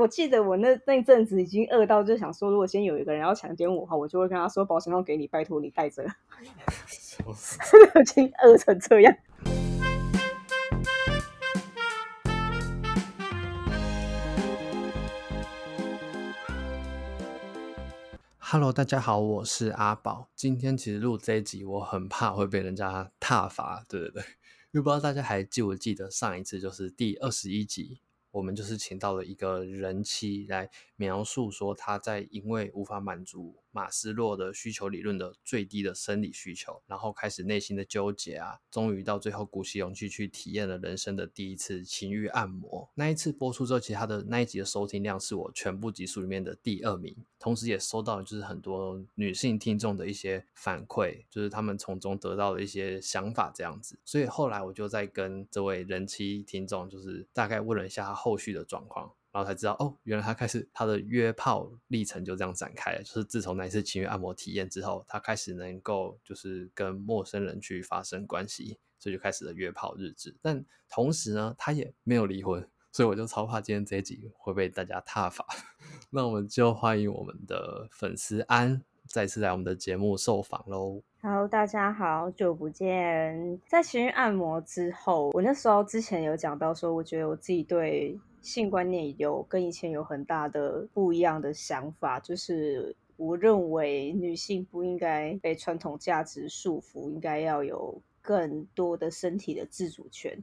我記得我那那陣子已經餓到，就想說，如果今天有一個人要強姦我的話，我就會跟他說：“保險套給你，拜托你帶着。”已經餓成這樣。Hello，大家好，我是阿寶。今天其實錄這一集，我很怕會被人家撻伐，對對對。又不知道大家還記不記得上一次，就是第二十一集。我們就是請到了一個人妻來描述說，她在因為無法滿足，馬斯洛的需求理論的最低的生理需求，然後開始內心的糾結啊，終於到最後鼓起勇氣去體驗了人生的第一次情欲按摩。那一次播出之後，其他的那一集的收聽量是我全部集數裡面的第二名，同時也收到就是很多女性聽眾的一些反饋，就是她們從中得到的一些想法這樣子。所以後來我就在跟這位人妻聽眾，就是大概問了一下她後續的狀況。然後才知道，哦，原來他開始他的約炮歷程就這樣展開了，就是自從那一次情欲按摩體驗之後，他開始能夠就是跟陌生人去發生關係，所以就開始了約炮日志。但同時呢，他也沒有離婚，所以我就超怕今天這一集會被大家撻伐。 那我們就歡迎我們的粉絲安再次來我們的節目受訪嘍。Hello，大家好，久不見。在情欲按摩之後，我那時候之前有講到說，我覺得我自己對。性觀念有跟以前有很大的不一樣的想法，就是我認為女性不應該被傳統價值束縛，應該要有更多的身體的自主權，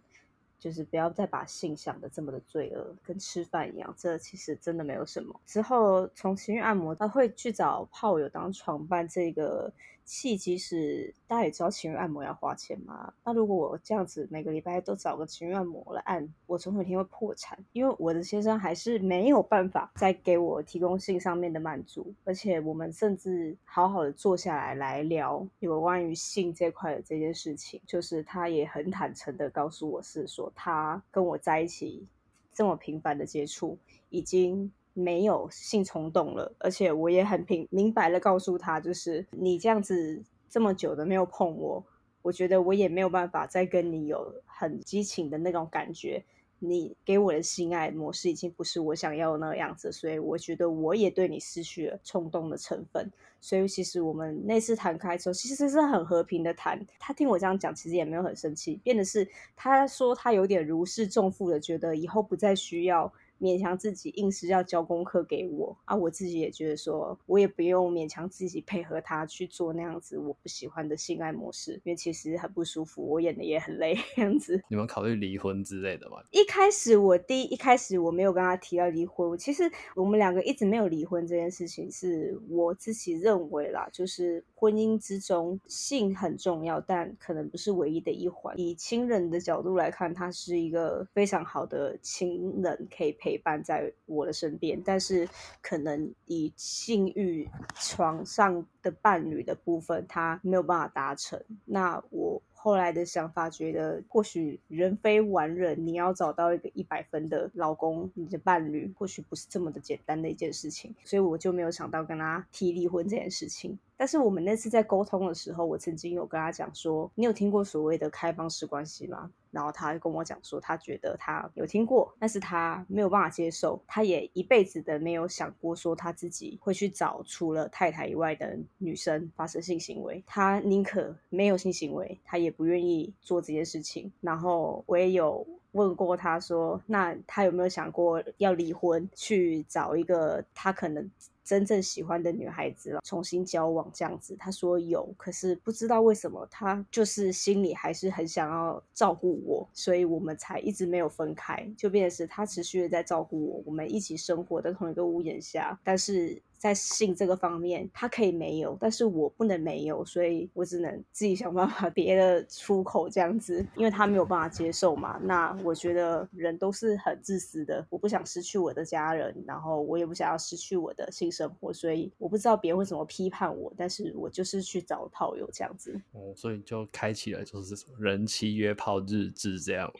就是不要再把性想得這麼的罪惡，跟吃飯一樣，這其實真的沒有什麼。之後從情慾按摩，她會去找炮友當床伴，這個。氣，其實大家也知道情欲按摩要花錢嘛，那如果我這樣子每個禮拜都找個情欲按摩來按，我總有一天會破產，因為我的先生還是沒有辦法再給我提供性上面的滿足，而且我們甚至好好的坐下來來聊有關於性這塊的這件事情，就是他也很坦誠的告訴我是說，他跟我在一起這麼頻繁的接觸已經。沒有性衝動了，而且我也很平明白的告訴他，就是你這樣子這麼久都沒有碰我，我覺得我也沒有辦法再跟你有很激情的那種感覺。你給我的性愛模式已經不是我想要的那個樣子，所以我覺得我也對你失去了衝動的成分。所以其實我們那次談開之後，其實是很和平的談。他聽我這樣講，其實也沒有很生氣。變得是他說他有點如釋重負的，覺得以後不再需要。勉強自己硬是要交功課給我啊！我自己也覺得說，我也不用勉強自己配合他去做那樣子我不喜歡的性愛模式，因為其實很不舒服，我演的也很累這樣子。你們考慮離婚之類的嗎？一開始我第一,一開始我沒有跟他提到離婚，其實我們兩個一直沒有離婚這件事情，是我自己認為啦，就是婚姻之中性很重要，但可能不是唯一的一環。以親人的角度來看，他是一個非常好的親人，可以配。陪伴在我的身邊，但是可能以性慾床上的伴侶的部分，他沒有辦法達成。那我後來的想法覺得，或許人非完人，你要找到一個一百分的老公，你的伴侶，或許不是這麼的簡單的一件事情。所以我就沒有想到跟他提離婚這件事情。但是我們那次在溝通的時候，我曾經有跟他講說，你有聽過所謂的開放式關係嗎？然後他跟我講說，他覺得他有聽過，但是他沒有辦法接受，他也一輩子的沒有想過說他自己會去找除了太太以外的人。女生發生性行為，他寧可沒有性行為，他也不願意做這件事情。然後我也有問過他，說那他有沒有想過要離婚，去找一個他可能真正喜歡的女孩子重新交往這樣子？他說有，可是不知道為什麼，他就是心裡還是很想要照顧我，所以我們才一直沒有分開，就變成是他持續在照顧我，我們一起生活在同一個屋檐下，但是。在性這個方面，他可以沒有，但是我不能沒有，所以我只能自己想辦法別的出口這樣子，因為他沒有辦法接受嘛。那我覺得人都是很自私的，我不想失去我的家人，然後我也不想要失去我的性生活，所以我不知道別人會怎麼批判我，但是我就是去找炮友這樣子。哦，所以就開啟了就是什麼人妻約炮日誌這樣。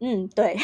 嗯，對，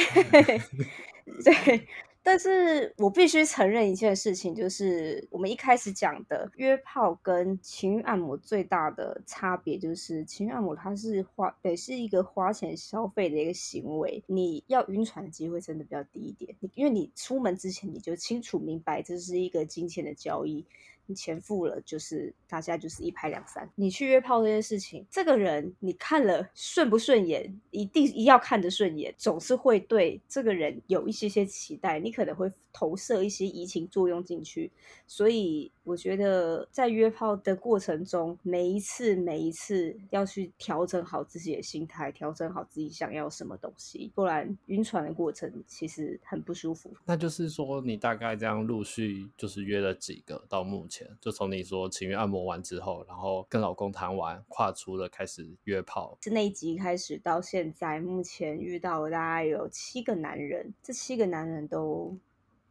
對。但是我必須承認一件事情，就是我們一開始講的約炮跟情欲按摩最大的差別就是，情欲按摩它是花，對，是一個花錢消費的一個行為，你要暈船的機會真的比較低一點，因為你出門之前你就清楚明白這是一個金錢的交易。錢付了，就是大家就是一拍兩散。你去約炮這件事情，這個人你看了順不順眼，一定一定要看得順眼，總是會對這個人有一些些期待，你可能會投射一些移情作用進去。所以我覺得在約炮的過程中，每一次每一次要去調整好自己的心態，調整好自己想要什麼東西，不然暈船的過程其實很不舒服。那就是說，你大概這樣陸續就是約了幾個，到目前。就從你說情欲按摩完之後，然後跟老公談完，跨出了開始約炮。是那一集開始到現在，目前遇到大概有七個男人，這七個男人都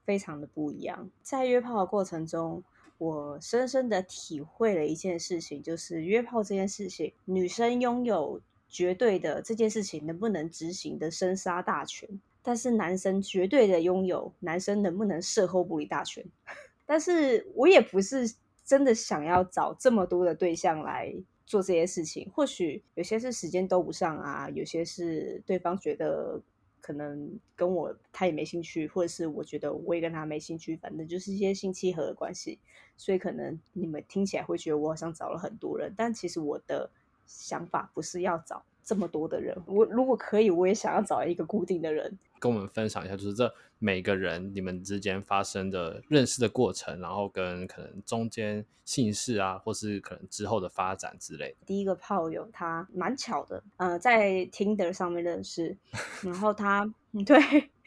非常的不一樣。在約炮的過程中，我深深的體會了一件事情，就是約炮這件事情，女生擁有絕對的這件事情能不能執行的生殺大權，但是男生絕對的擁有，男生能不能射後不理大權。但是我也不是真的想要找這麼多的對象來做這些事情。或許有些是時間都不上啊，有些是對方覺得可能跟我他也沒興趣，或者是我覺得我也跟他沒興趣，反正就是一些性契合的關係。所以可能你們聽起來會覺得我好像找了很多人，但其實我的想法不是要找。這麼多的人，我如果可以，我也想要找一個固定的人。跟我們分享一下，就是這每個人你們之間發生的認識的過程，然後跟可能中間姓氏啊，或是可能之後的發展之類的。第一個炮友他蠻巧的，嗯、呃，在 Tinder 上面認識， 然後他對，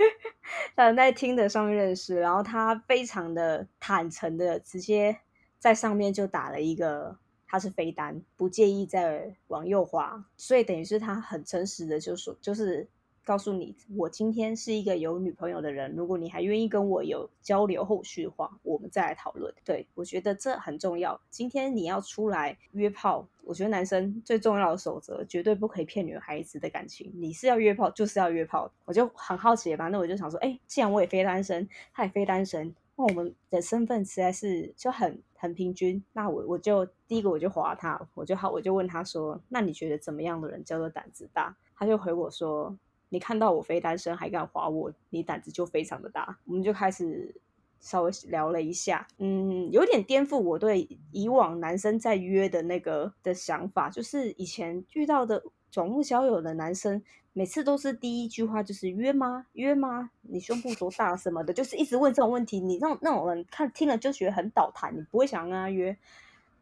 他在 Tinder 上面認識，然後他非常的坦誠的，直接在上面就打了一個。他是非單，不介意再往右滑，所以等於是他很誠實的就說，是，就是告訴你，我今天是一個有女朋友的人，如果你還願意跟我有交流後續的話，我們再來討論。對，我覺得這很重要。今天你要出來約炮，我覺得男生最重要的守則，絕對不可以騙女孩子的感情。你是要約炮，就是要約炮。我就很好奇吧，那我就想說，哎，既然我也非單身，他也非單身。那我們的身份實在是就很很平均，那我我就第一個我就滑他，我就好我就問他說：“那你覺得怎麼樣的人叫做膽子大？”他就回我說：“你看到我非單身還敢滑我，你膽子就非常的大。”我們就開始稍微聊了一下，嗯，有點顛覆我對以往男生在約的那個的想法，就是以前遇到的總目交友的男生。每次都是第一句話就是約嗎？約嗎？你胸部多大什麼的，就是一直問這種問題。你讓那,那種人看聽了就覺得很倒彈，你不會想跟他約。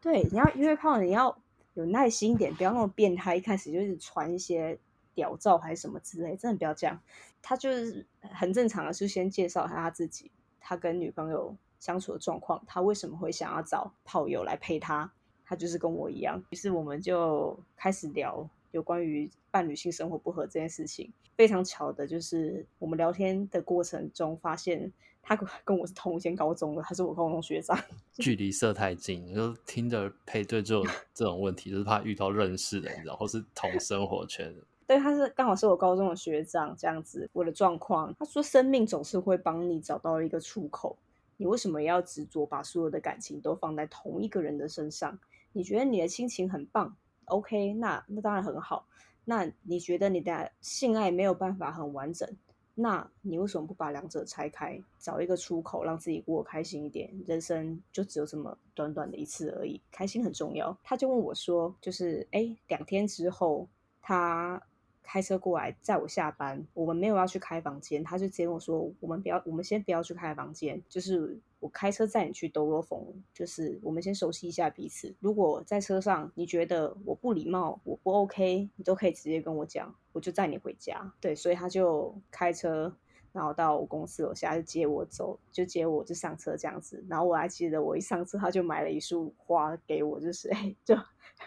對，你要約炮你要有耐心一點，不要那麼變態。一開始就是傳一些屌照還是什麼之類，真的不要這樣。他就是很正常的，是先介紹下他自己，他跟女朋友相處的狀況，他為什麼會想要找炮友來陪他。他就是跟我一樣，於是我們就開始聊。有關於伴侶性生活不合這件事情，非常巧的就是我們聊天的過程中發現他跟我是同一間高中的，他是我高中學長。距離色太近，就 聽着配對就有這種問題，就是怕遇到認識的人， 然後是同生活圈的。對，他是剛好是我高中的學長，這樣子我的狀況。他說，生命總是會幫你找到一個出口。你為什麼也要執着把所有的感情都放在同一個人的身上？你覺得你的心情很棒。OK，那那當然很好。那你覺得你的性愛沒有辦法很完整，那你為什麼不把兩者拆開，找一個出口，讓自己過開心一點？人生就只有這麼短短的一次而已，開心很重要。他就問我說，就是，誒，兩天之後他。開車過來載我下班，我們沒有要去開房間，他就直接跟我說：“我們不要，我們先不要去開房間，就是我開車載你去兜兜風，就是我們先熟悉一下彼此。如果在車上你覺得我不禮貌，我不 OK，你都可以直接跟我講，我就載你回家。”對，所以他就開車，然後到我公司樓下就接我走，就接我就上車這樣子。然後我還記得，我一上車他就買了一束花給我，就是哎就。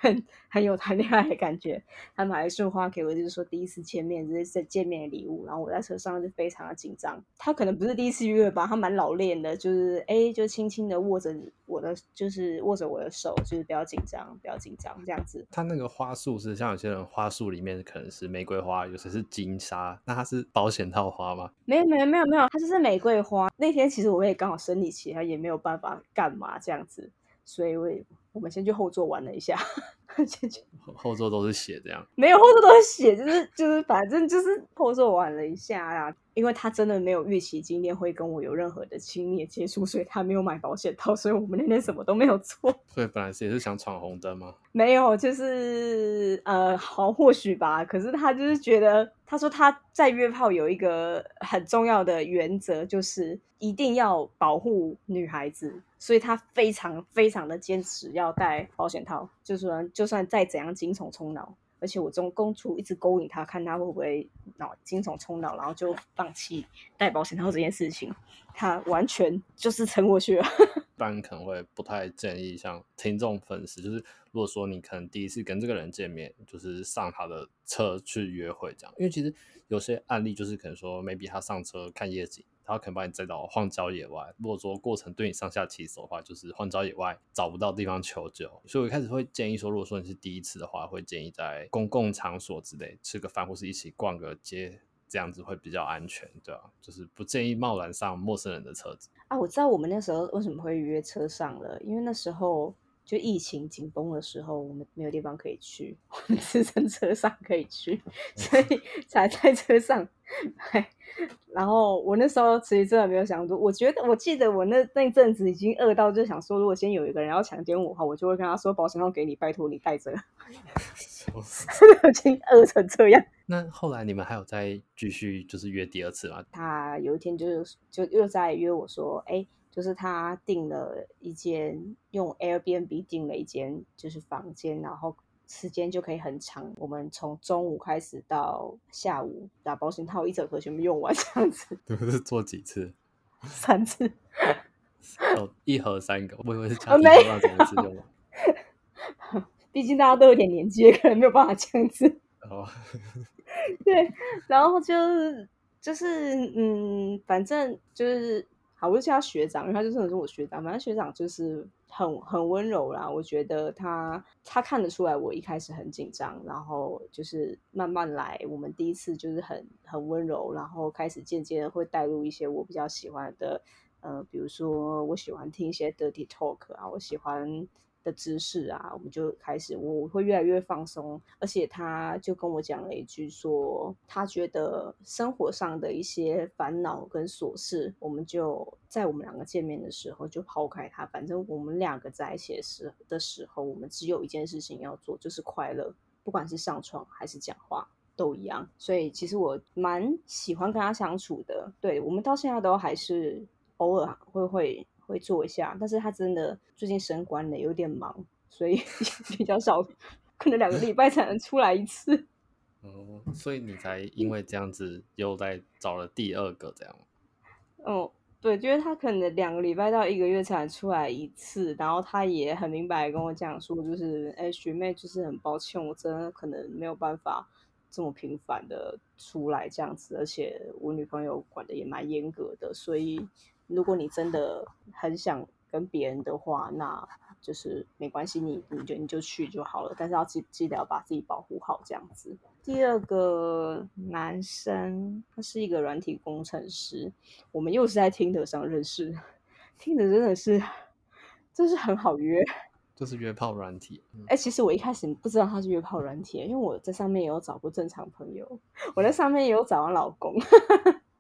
很很有談戀愛的感覺，他買一束花給我，就是說第一次見面，這、就是見面的禮物。然後我在車上就非常的緊張，他可能不是第一次約會吧，他蠻老練的，就是哎、欸，就輕輕的握着我的，就是握着我的手，就是不要緊張，不要緊張這樣子。他那個花束是像有些人花束裡面可能是玫瑰花，有些是金莎。那他是保險套花嗎？沒有沒有沒有沒有，他就是玫瑰花。那天其實我也剛好生理期，他也沒有辦法幹嘛這樣子，所以我也。我們先去後座玩了一下，先去後，後座都是血這樣，沒有後座都是血，就是就是反正就是後座玩了一下呀、啊。因為他真的沒有預期今天會跟我有任何的親密接觸，所以他沒有買保險套，所以我們那天什麼都沒有做。所以本來是也是想闖紅燈嗎？ 沒有，就是呃，好或許吧。可是他就是覺得，他說他在約炮有一個很重要的原則，就是一定要保護女孩子，所以他非常非常的堅持要戴保險套，就算就算再怎樣精蟲衝腦。而且我從公出一直勾引他，看他會不會腦精蟲衝腦，然後就放棄帶保險套這件事情，他完全就是撐過去了。然 可能會不太建議像聽眾粉絲，就是如果說你可能第一次跟這個人見面，就是上他的車去約會這樣，因為其實有些案例就是可能說，maybe 他上車看夜景。他可能把你載到荒郊野外。如果說過程對你上下其手的話，就是荒郊野外找不到地方求救，所以我一開始會建議說，如果說你是第一次的話，會建議在公共場所之類吃個飯，或是一起逛個街，這樣子會比較安全，對吧？就是不建議貿然上陌生人的車子。啊，我知道我們那時候為什麼會約車上了，因為那時候。就疫情緊繃的時候，我們沒有地方可以去，我們只剩車上可以去，所以才在車上 然後我那時候其實真的沒有想說，我覺得我記得我那那陣子已經餓到，就想說，如果先有一個人要強姦我的話，我就會跟他說，保險膜給你，拜托你帶着。真的已經餓成這樣。那後來你們還有再繼續就是約第二次嗎？他有一天就是就又在約我說，哎、欸。就是他訂了一間，用 Airbnb 訂了一間，就是房間，然後時間就可以很長。我們從中午開始到下午，把保險套一整盒全部用完，這樣子。是 做幾次？三次。哦，一盒三個，我以為是超級棒，怎麼、哦、畢竟大家都有點年紀，可能沒有辦法這樣子。哦， 對，然後就就是嗯，反正就是。我就叫他學長，因為他就真的是我學長。反正學長就是很很溫柔啦，我覺得他他看得出來我一開始很緊張，然後就是慢慢來。我們第一次就是很很溫柔，然後開始漸漸會帶入一些我比較喜歡的，呃，比如說我喜歡聽一些 dirty talk 啊，我喜歡。的姿勢啊，我們就開始，我會越來越放鬆。而且他就跟我講了一句說，說他覺得生活上的一些煩惱跟瑣事，我們就在我們兩個見面的時候就拋開它。反正我們兩個在一起時的時候，我們只有一件事情要做，就是快樂。不管是上床還是講話，都一樣。所以其實我蠻喜歡跟他相處的。對，我們到現在都還是偶爾會會。會做一下，但是他真的最近升官了，有點忙，所以比較少，可能兩個禮拜才能出來一次。 哦，所以你才因為這樣子、嗯、又在找了第二個，這樣哦，對，覺得他可能兩個禮拜到一個月才能出來一次，然後他也很明白跟我講說，就是，哎，學妹，就是很抱歉，我真的可能沒有辦法這麼頻繁的出來這樣子，而且我女朋友管得也蠻嚴格的，所以。如果你真的很想跟別人的話，那就是沒關係，你你就你就去就好了。但是要記記得要把自己保護好，這樣子。第二個男生，他是一個軟體工程師，我們又是在 Tinder 上認識，Tinder 真的是，就是很好約，就是約炮軟體。哎、嗯欸，其實我一開始不知道他是約炮軟體，因為我在上面也有找過正常朋友，我在上面也有找完老公，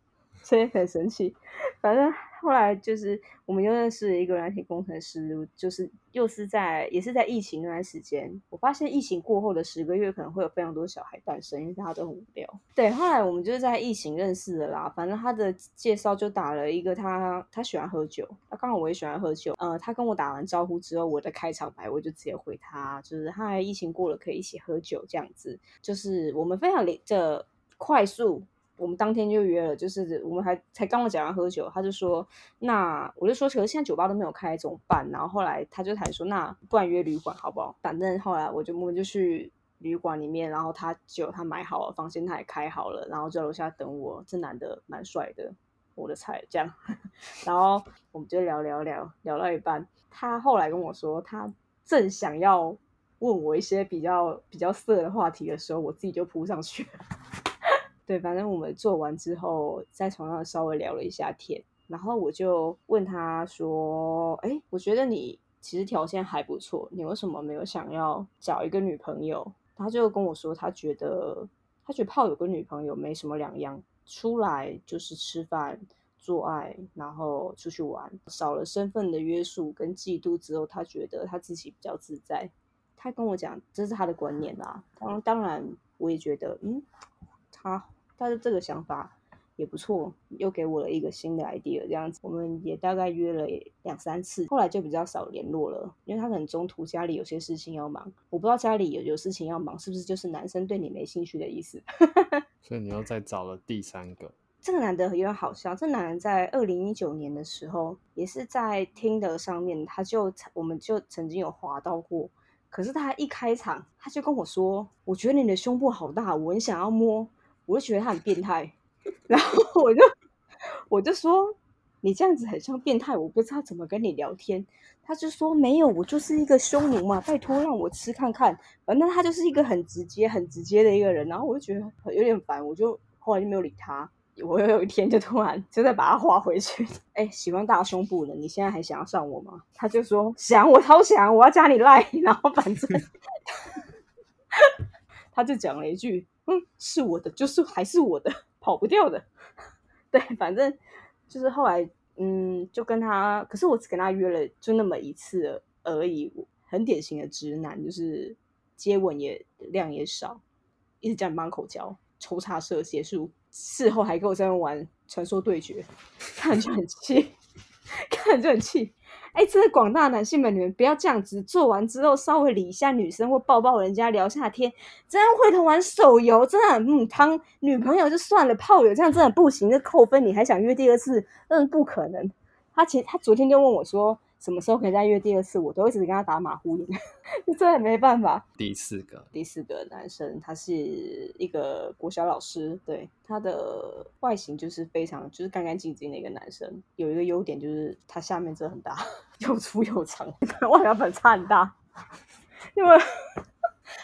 所以很神奇。反正。後來就是我們又認識了一個軟體工程師，就是又是在也是在疫情那段時間，我發現疫情過後的十個月可能會有非常多小孩誕生，因為大家都很無聊。對，後來我們就是在疫情認識的啦，反正他的介紹就打了一個他他喜歡喝酒，那剛好我也喜歡喝酒。呃，他跟我打完招呼之後，我的開場白我就直接回他，就是嗨，疫情過了可以一起喝酒這樣子，就是我們非常的快速。我們當天就約了，就是我們還才剛剛講完喝酒，他就說，那我就說，可是現在酒吧都沒有開怎麼辦？然後後來他就才說，那不然約旅館好不好？反正後來我就我們就去旅館裡面，然後他酒他買好了房間，他也開好了，然後在樓下等我。這男的蠻帥的，我的菜這樣。然後我們就聊聊聊聊到一半，他後來跟我說，他正想要問我一些比較比較色的話題的時候，我自己就撲上去。對，反正我們做完之後，在床上稍微聊了一下天，然後我就問他說：“哎，我覺得你其實條件還不錯，你為什麼沒有想要找一個女朋友？”他就跟我說他：“他覺得他覺得炮友跟女朋友沒什麼兩樣，出來就是吃飯、做愛，然後出去玩，少了身份的約束跟嫉妒之後，他覺得他自己比較自在。”他跟我講：“這是他的觀念啦。”當當然，我也覺得，嗯，他。但是這個想法也不錯，又給我了一個新的 idea。這樣子，我們也大概約了兩三次，後來就比較少聯絡了。因為他可能中途家裡有些事情要忙，我不知道家裡有有事情要忙，是不是就是男生對你沒興趣的意思？ 所以你又再找了第三個。 這個男的很有點好笑。這個男人在二零一九年的時候，也是在 Tinder 上面，他就我們就曾經有滑到過。可是他一開場，他就跟我說：“我覺得你的胸部好大，我很想要摸。”我就覺得他很變態，然後我就我就說你這樣子很像變態，我不知道怎麼跟你聊天。他就說沒有，我就是一個胸奴嘛，拜託讓我吃看看。反正他就是一個很直接、很直接的一個人。然後我就覺得有點煩，我就後來就沒有理他。我又有一天就突然就再把他劃回去。哎，喜歡大胸部的，你現在還想要上我嗎？他就說想，我超想，我要加你賴。然後反正 他就講了一句。嗯，是我的，就是還是我的，跑不掉的。 對，反正就是後來，嗯，就跟他，可是我只跟他約了就那麼一次而已，很典型的直男，就是接吻也量也少，一直叫你幫口交，抽插射結束，事後還跟我在那玩傳說對決，看就很氣， 看就很氣。哎、欸，真的廣大的男性們，你們不要這樣子，做完之後稍微理一下女生，或抱抱人家，聊下天，這樣回頭玩手遊，真的很母湯。嗯、女朋友就算了，炮友這樣真的不行，就扣分，你還想約第二次？嗯，不可能。他其實他昨天就問我說，什麼時候可以再約第二次？我都一直跟他打馬虎眼， 這真的沒辦法。第四個，第四個男生，他是一個國小老師，對，他的外形就是非常就是乾乾淨淨的一個男生。有一個優點就是他下面真的很大，又粗又長， 外表反差很大。因 為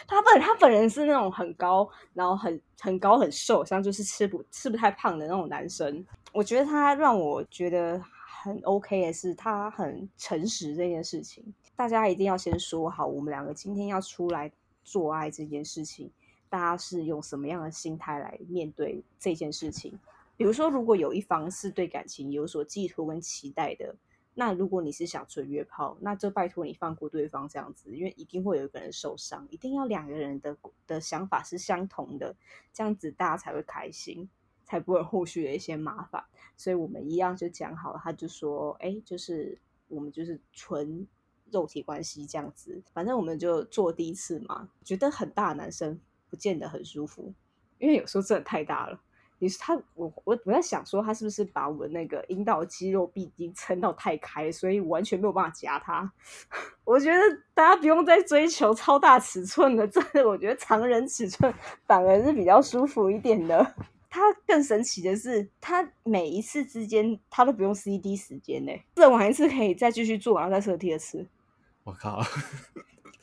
他本他本人是那種很高，然後很很高很瘦，像就是吃不吃不太胖的那種男生。我覺得他讓我覺得。很 OK 的是，他很誠實這件事情，大家一定要先說好，我們兩個今天要出來做愛這件事情，大家是用什麼樣的心態來面對這件事情？比如說，如果有一方是對感情有所寄託跟期待的，那如果你是想純約炮，那就拜託你放過對方這樣子，因為一定會有一個人受傷，一定要兩個人的的想法是相同的，這樣子大家才會開心。才不會後續的一些麻煩，所以我們一樣就講好了。他就說：“哎、欸，就是我們就是純肉體關係這樣子，反正我們就做第一次嘛。”覺得很大的男生不見得很舒服，因為有時候真的太大了。你是他，我我我在想說，他是不是把我們那個陰道肌肉壁已經撐到太開，所以完全沒有辦法夾他？我覺得大家不用再追求超大尺寸了，真的，我覺得常人尺寸反而是比較舒服一點的。他更神奇的是，他每一次之間他都不用 C D 時間嘞、欸，射完一次可以再繼續做，然後再射第二次。我靠！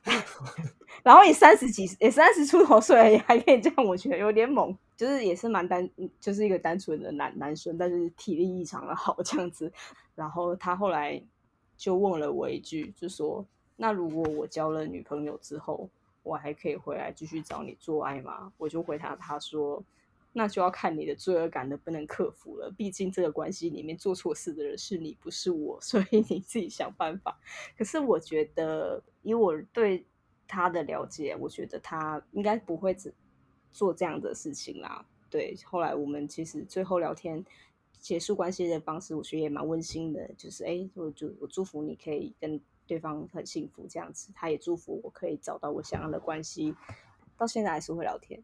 然後也三十幾，也三十出頭歲了，也還可以這樣，我覺得有點猛。就是也是蠻單，就是一個單純的男男生，但是體力異常的好這樣子。然後他後來就問了我一句，就說：“那如果我交了女朋友之後，我還可以回來繼續找你做愛嗎？”我就回答他說。那就要看你的罪惡感能不能克服了。畢竟這個關係裡面做錯事的人是你，不是我，所以你自己想辦法。可是我覺得，以我對他的了解，我覺得他應該不會只做這樣的事情啦。對，後來我們其實最後聊天結束關係的方式，我覺得也蠻溫馨的，就是誒，我就我祝福你可以跟對方很幸福這樣子，他也祝福我可以找到我想要的關係，到現在還是會聊天。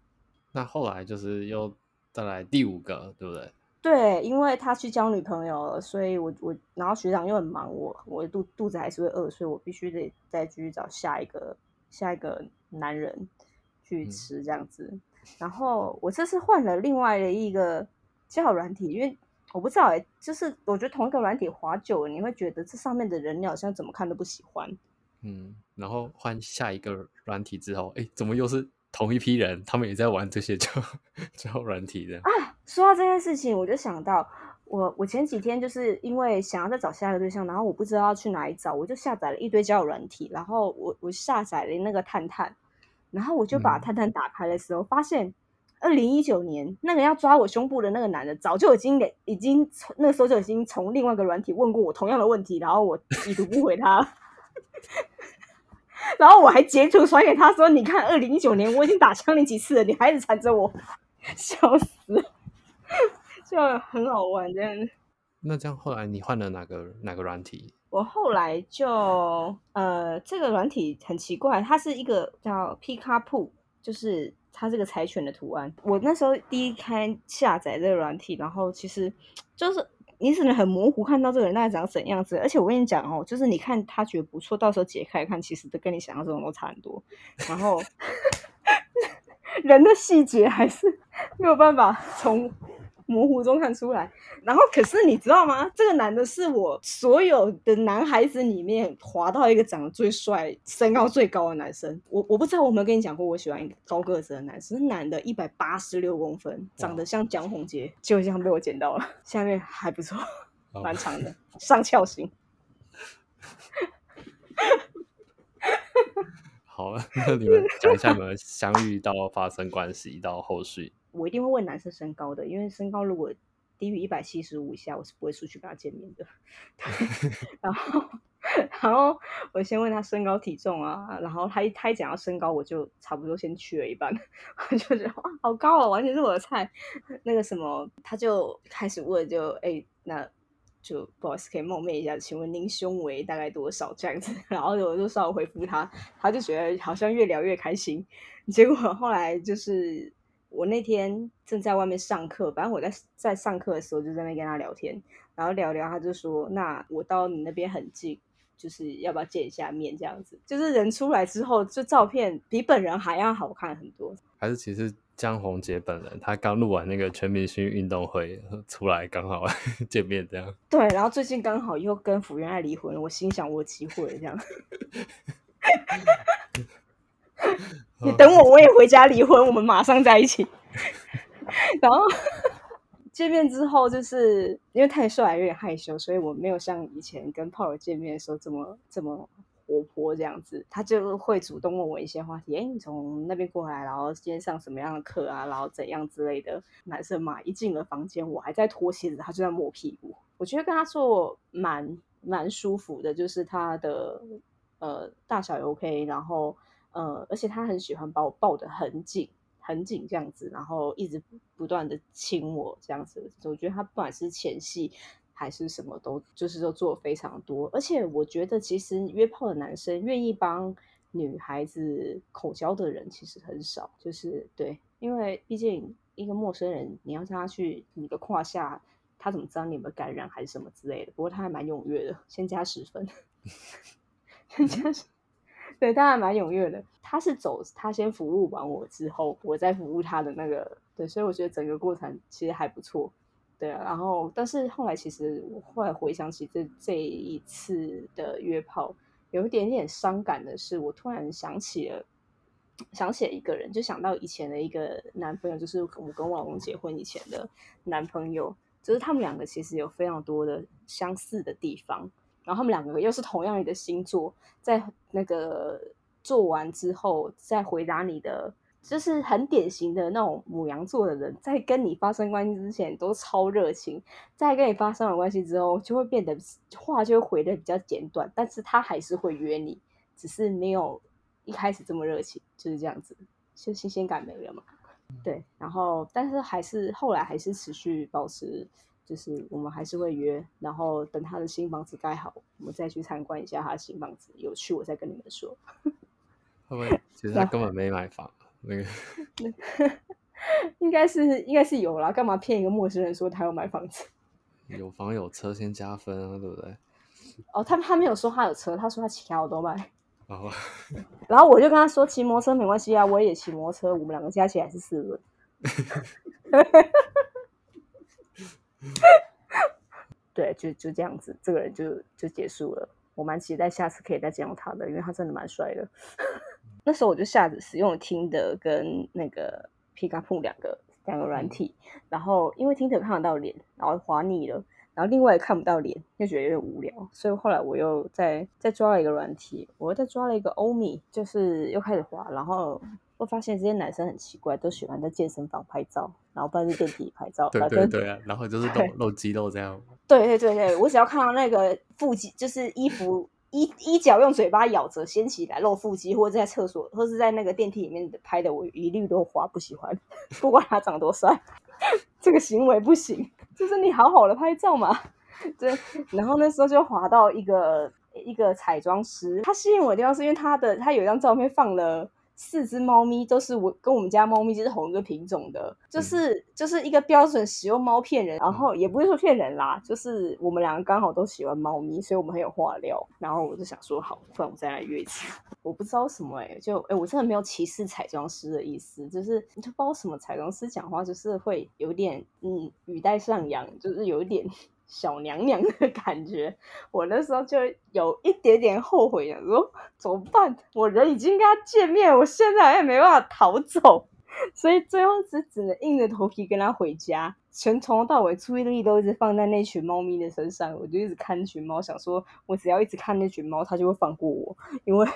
那後來就是又再來第五個，對不對？對，因為他去交女朋友了，所以我我然後學長又很忙，我我肚肚子還是會餓，所以我必須得再繼續找下一個下一個男人去吃、嗯、這樣子。然後我這次換了另外的一個交友軟體，因為我不知道誒、欸，就是我覺得同一個軟體滑久了，你會覺得這上面的人你好像怎麼看都不喜歡。嗯，然後換下一個軟體之後，哎，怎麼又是？同一批人，他們也在玩這些交友軟體的啊。說到這件事情，我就想到我我前幾天就是因為想要再找下一個對象，然後我不知道要去哪裡找，我就下載了一堆交友軟體，然後我我下載了那個探探，然後我就把探探打開的時候，嗯、發現二零一九年那個要抓我胸部的那個男的，早就已經給已經那個時候就已經從另外一個軟體問過我同樣的問題，然後我已讀不回他。 然後我還截圖甩給他說：“你看，二零一九年我已經打槍你幾次了， 你還是纏着我，笑死， 就很好玩，這樣。那這樣後來你換了哪個哪個軟體？我後來就呃，這個軟體很奇怪，它是一個叫 p 卡 k 就是它這個柴犬的圖案。我那時候第一開下載這個軟體，然後其實就是。你只能很模糊看到這個人大概長怎樣子，而且我跟你講哦，就是你看他覺得不錯，到時候解開看，其實都跟你想象中都差很多。然後 人的細節還是沒有辦法從模糊中看出來，然後可是你知道嗎？這個男的是我所有的男孩子裡面滑到一個長得最帥、身高最高的男生。我我不知道，我有沒有跟你講過，我喜歡一個高個子的男生，男的，一百八十六公分，長得像江宏杰，哇就這樣被我撿到了。下面還不錯，蠻長的，哦、上翹型。 好了，那你們講一下你們相遇到發生關係到後續。我一定會問男生身高的，因為身高如果低於一百七十五以下，我是不會出去跟他見面的。對，然後，然後我先問他身高體重啊，然後他一他一講到身高，我就差不多先去了一半，我就覺得哇，好高啊，完全是我的菜。那個什麼，他就開始問就，就、哎、誒，那就不好意思，可以冒昧一下，請問您胸圍大概多少這樣子？然後我就稍微回復他，他就覺得好像越聊越開心，結果後來就是。我那天正在外面上課，反正我在在上課的時候就在那邊跟他聊天，然後聊聊，他就說：“那我到你那邊很近，就是要不要見一下面？”這樣子，就是人出來之後，這照片比本人還要好看很多。還是其實江宏杰本人，他剛錄完那個全明星運動會出來，剛好見面這樣。對，然後最近剛好又跟福原愛離婚了，我心想我機會這樣。 你等我，我也回家離婚，我們馬上在一起。 然後見面之後，就是因為太帥，有點害羞，所以我沒有像以前跟 Paul 見面的時候這麼這麼活潑這樣子。他就會主動問我一些話題，欸、你從那邊過來，然後今天上什麼樣的課啊，然後怎樣之類的。男生嘛，一進了房間，我還在脫鞋子，他就在摸屁股。我覺得跟他做蠻蠻舒服的，就是他的呃大小也 OK，然後。呃，而且他很喜歡把我抱得很緊，很緊這樣子，然後一直不斷的親我這樣子。所以我覺得他不管是前戲還是什麼都，就是說做非常多。而且我覺得其實約炮的男生願意幫女孩子口交的人其實很少，就是對，因為畢竟一個陌生人，你要讓他去你的胯下，他怎麼知道你有沒有感染還是什麼之類的。不過他還蠻踴躍的，先加十分，先加十分。對，當然蠻踴躍的。他是走，他先服務完我之後，我再服務他的那個，對，所以我覺得整個過程其實還不錯。對啊，然後，但是後來其實我後來回想起這這一次的約炮，有一點點傷感的是，我突然想起了，想起了一個人，就想到以前的一個男朋友，就是我跟老公結婚以前的男朋友，就是他們兩個其實有非常多的相似的地方。然後他們兩個又是同樣一個星座，在那個做完之後再回答你的，就是很典型的那種牡羊座的人，在跟你發生關係之前都超熱情，在跟你發生了關係之後就會變得話就會回得比較簡短，但是他還是會約你，只是沒有一開始這麼熱情，就是這樣子，就新鮮感沒了嘛。對，然後但是還是後來還是持續保持。就是我們還是會約，然後等他的新房子蓋好，我們再去參觀一下他的新房子。有去我再跟你們說。會 不會就是他根本沒買房？ 沒有 應該是應該是有啦，幹嘛騙一個陌生人說他要買房子？有房有車先加分啊，對不對？ 哦，他他沒有說他有車，他說他騎好多麥。然後，然後我就跟他說騎摩托車沒關係啊，我也騎摩托車，我們兩個加起來是四輪。 對，就就這樣子，這個人就就結束了。我蠻期待下次可以再見到他的，因為他真的蠻帥的。 那時候我就下着使用了 Tinder 跟那個皮卡酷兩個兩個軟體，然後因為 Tinder 看得到臉，然後滑膩了，然後另外也看不到臉，又覺得有點無聊，所以後來我又再再抓了一個軟體，我又再抓了一個 Omi，就是又開始滑，然後我發現這些男生很奇怪，都喜歡在健身房拍照。然後，搬去電梯拍照。對對對啊，然後就是露露肌肉這樣。對對對對，我只要看到那個腹肌，就是衣服 衣衣角用嘴巴咬着掀起來露腹肌，或者在廁所，或是在那個電梯裡面拍的，我一律都滑不喜歡，不管他長多帥， 這個行為不行。就是你好好的拍照嘛，對。然後那時候就滑到一個一個彩妝師，他吸引我的地方是因為他的他有一張照片放了。四隻貓咪都是我跟我們家貓咪就是同一個品種的，就是就是一個標準使用貓騙人，然後也不會說騙人啦，就是我們兩個剛好都喜歡貓咪，所以我們很有話聊。然後我就想說，好，不然我再來約一次。 我不知道什麼哎、欸，就誒、欸、我真的沒有歧視彩妝師的意思，就是你就不知道什麼彩妝師講話就是會有點嗯語帶上揚，就是有點。 小娘娘的感覺，我那時候就有一點點後悔了，想說怎麼辦？我人已經跟他見面，我現在也沒辦法逃走，所以最後只只能硬着頭皮跟他回家。全從頭到尾注意力都一直放在那群貓咪的身上，我就一直看那群貓，想說我只要一直看那群貓，他就會放過我，因為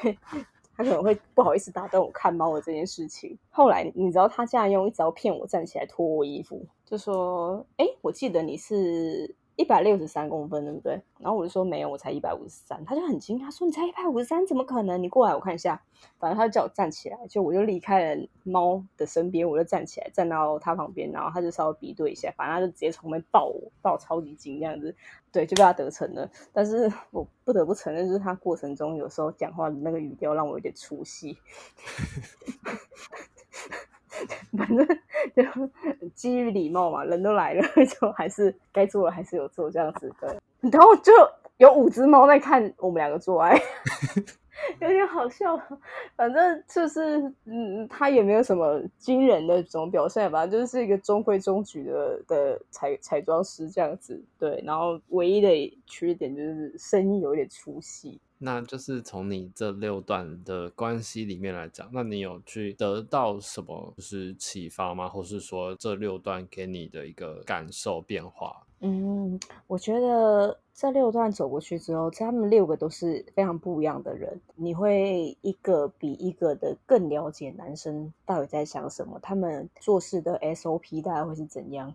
他可能會不好意思打斷我看貓的這件事情。後來你知道他竟然用一招騙我站起來脫我衣服，就說：“哎、欸，我記得你是。”一百六十三公分，對不對？然後我就說沒有，我才一百五十三。他就很驚訝，他說你才一百五十三，怎麼可能？你過來我看一下。反正他就叫我站起來，就我就離開了貓的身邊，我就站起來站到他旁邊，然後他就稍微比對一下，反正他就直接從後面抱我，抱我超級緊這樣子。對，就被他得逞了。但是我不得不承認，就是他過程中有時候講話的那個語調讓我有點出戲。 反正就基於禮貌嘛，人都來了，就還是該做了，還是有做這樣子。對，然後就有五只貓在看我們兩個做愛，欸、 有點好笑。反正就是，嗯，他也沒有什麼驚人的這種表現，吧，就是一個中規中矩的的彩彩妝師這樣子。對，然後唯一的缺點就是聲音有點出戲。那就是從你這六段的關係裡面來講，那你有去得到什麼就是啟發嗎？或是說這六段給你的一個感受變化？嗯，我覺得這六段走過去之後，他們六個都是非常不一樣的人，你會一個比一個的更了解男生到底在想什麼，他們做事的 SOP 大概會是怎樣。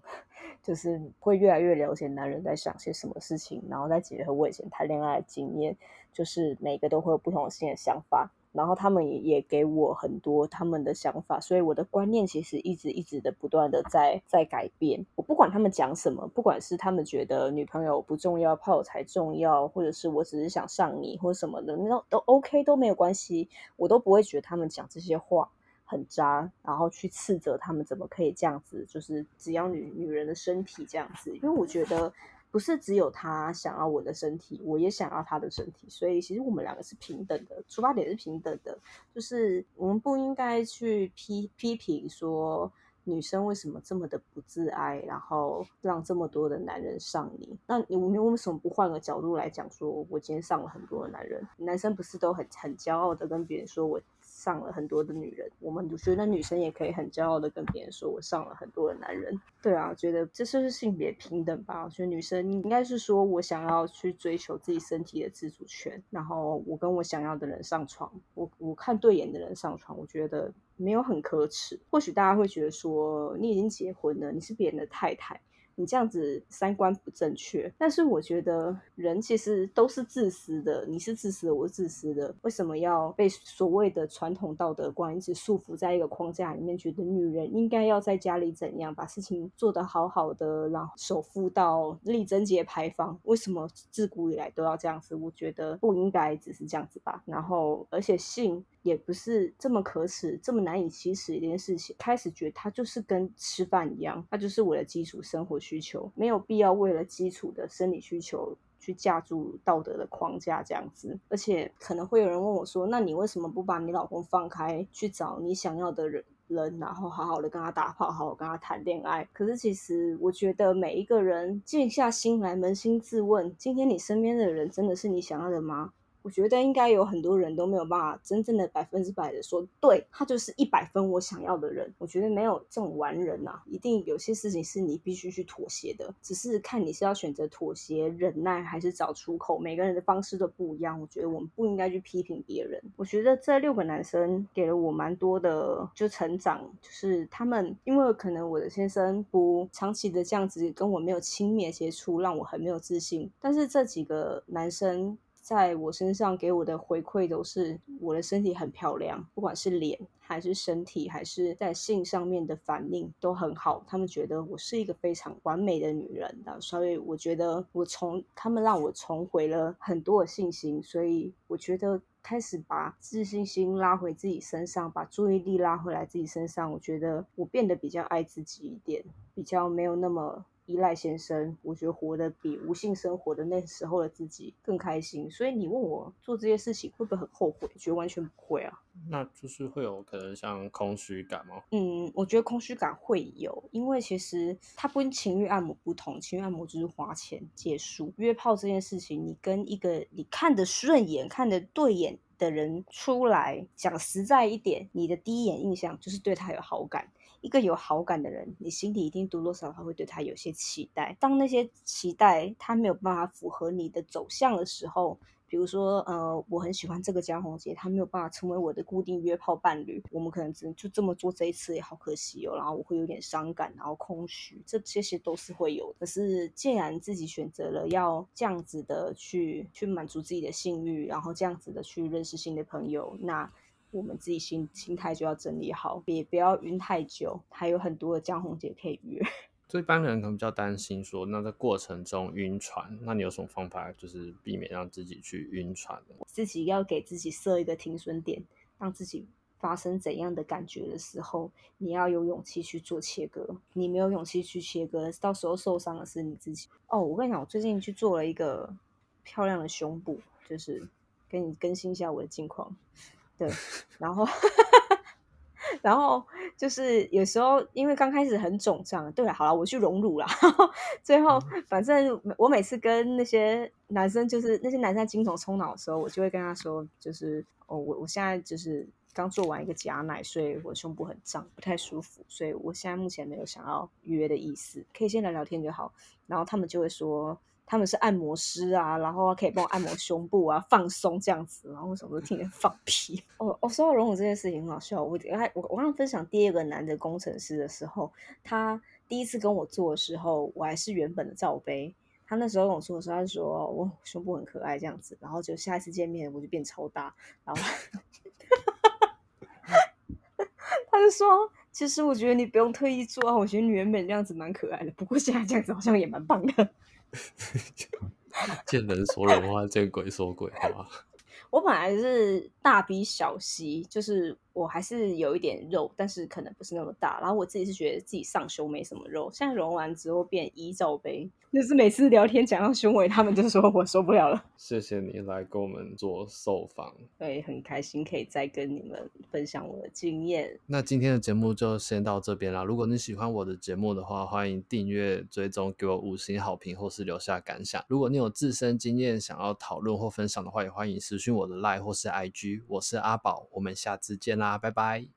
就是會越來越了解男人在想些什麼事情，然後再結合我以前談戀愛的經驗，就是每個都會有不同性的想法，然後他們也也給我很多他們的想法，所以我的觀念其實一直一直的不斷的在在改變。我不管他們講什麼，不管是他們覺得女朋友不重要，怕我才重要，或者是我只是想上你，或者什麼的，那都 OK 都沒有關係，我都不會覺得他們講這些話。很渣，然後去斥責他們怎麼可以這樣子，就是只要女女人的身體這樣子，因為我覺得不是只有他想要我的身體，我也想要他的身體，所以其實我們兩個是平等的，出發點是平等的，就是我們不應該去批批評說女生為什麼這麼的不自愛，然後讓這麼多的男人上你，那你為什麼不換個角度來講說，說我今天上了很多的男人，男生不是都很很驕傲的跟別人說我上了很多的女人，我們都覺得女生也可以很驕傲的跟別人說，我上了很多的男人。對啊，覺得這就是，是性別平等吧？我覺得女生應該是說我想要去追求自己身體的自主權，然後我跟我想要的人上床，我我看對眼的人上床，我覺得沒有很可恥。或許大家會覺得說，你已經結婚了，你是別人的太太。你這樣子三觀不正確，但是我覺得人其實都是自私的。你是自私的，我是自私的，為什麼要被所謂的傳統道德觀一直束縛在一個框架裡面？覺得女人應該要在家裡怎樣把事情做得好好的，然後守婦道、立貞節牌坊？為什麼自古以來都要這樣子？我覺得不應該只是這樣子吧。然後，而且性。也不是這麼可恥、這麼難以啟齒一件事情。開始覺得它就是跟吃飯一樣，它就是我的基礎生活需求，沒有必要為了基礎的生理需求去架住道德的框架這樣子。而且可能會有人問我說：“那你為什麼不把你老公放開去找你想要的人人，然後好好的跟他打炮，好好跟他談戀愛？”可是其實我覺得每一個人靜下心來捫心自問：今天你身邊的人真的是你想要的嗎？我覺得應該有很多人都沒有辦法真正的百分之百的說對，他就是一百分我想要的人。我覺得沒有這種完人啊，一定有些事情是你必須去妥協的。只是看你是要選擇妥協、忍耐，還是找出口。每個人的方式都不一樣。我覺得我們不應該去批評別人。我覺得這六個男生給了我蠻多的就成長，就是他們因為可能我的先生不長期的這樣子跟我沒有親密接觸，讓我很沒有自信。但是這幾個男生。在我身上給我的回饋都是我的身體很漂亮，不管是臉還是身體，還是在性上面的反應都很好。他們覺得我是一個非常完美的女人的，所以我覺得我從他們讓我重回了很多的信心。所以我覺得開始把自信心拉回自己身上，把注意力拉回來自己身上，我覺得我變得比較愛自己一點，比較沒有那麼，依賴先生，我覺得活得比無性生活的那時候的自己更開心。所以你問我做這些事情會不會很後悔？我覺得完全不會啊。那就是會有可能像空虛感嗎？嗯，我覺得空虛感會有，因為其實它不跟情慾按摩不同，情慾按摩就是花錢借宿。約炮這件事情，你跟一個你看得順眼、看得對眼的人出來，講實在一點，你的第一眼印象就是對他有好感，一個有好感的人，你心底一定多多少少會對他有些期待。當那些期待他沒有辦法符合你的走向的時候，比如說，呃，我很喜歡這個江宏傑，他沒有辦法成為我的固定約炮伴侶，我們可能只能就這麼做這一次，也好可惜哦。然後我會有點傷感，然後空虛，這些些都是會有的。可是，既然自己選擇了要這樣子的去去滿足自己的性慾，然後這樣子的去認識新的朋友，那。我們自己心心態就要整理好，也不要暈太久。還有很多的江紅姐可以約。這一般人可能比較擔心說，那在過程中暈船，那你有什麼方法，就是避免讓自己去暈船？我自己要給自己設一個停損點，讓自己發生怎樣的感覺的時候，你要有勇氣去做切割。你沒有勇氣去切割，到時候受傷的是你自己。哦，我跟你講，我最近去做了一個漂亮的胸部，就是給你更新一下我的近況。對，然後， 然後就是有時候，因為剛開始很腫脹，對、啊，好了，我去溶乳了。然後最後，反正我每次跟那些男生，就是那些男生精蟲衝腦的時候，我就會跟他說，就是哦，我我現在就是剛做完一個假奶，所以我胸部很脹，不太舒服，所以我現在目前沒有想要約的意思，可以先聊聊天就好。然後他們就會說。他們是按摩師啊，然後可以幫我按摩胸部啊，放鬆這樣子。然後我什麼都聽著放屁。哦，我說到隆乳這件事情很好笑。我，我剛我我剛分享第二個男的工程師的時候，他第一次跟我做的時候，我還是原本的罩杯。他那時候跟我說的時候，他就說我、oh, 胸部很可愛這樣子。然後就下一次見面我就變超大，然後 他就說，其實我覺得你不用特意做啊，我覺得你原本這樣子蠻可愛的。不過現在這樣子好像也蠻棒的。 見人說人話，見鬼說鬼話。好嗎？ 我本來是。大 B 小 C，就是我還是有一點肉，但是可能不是那麼大。然後我自己是覺得自己上胸沒什麼肉，現在隆完之後變一罩杯，就是每次聊天講到胸圍，他們就說我受不了了。謝謝你來給我們做受訪，對，很開心可以再跟你們分享我的經驗。那今天的節目就先到這邊啦。如果你喜歡我的節目的話，歡迎訂閱、追蹤，給我五星好評或是留下感想。如果你有自身經驗想要討論或分享的話，也歡迎私訊我的 Line 或是 IG。我是阿寶，我們下次見啦，拜拜。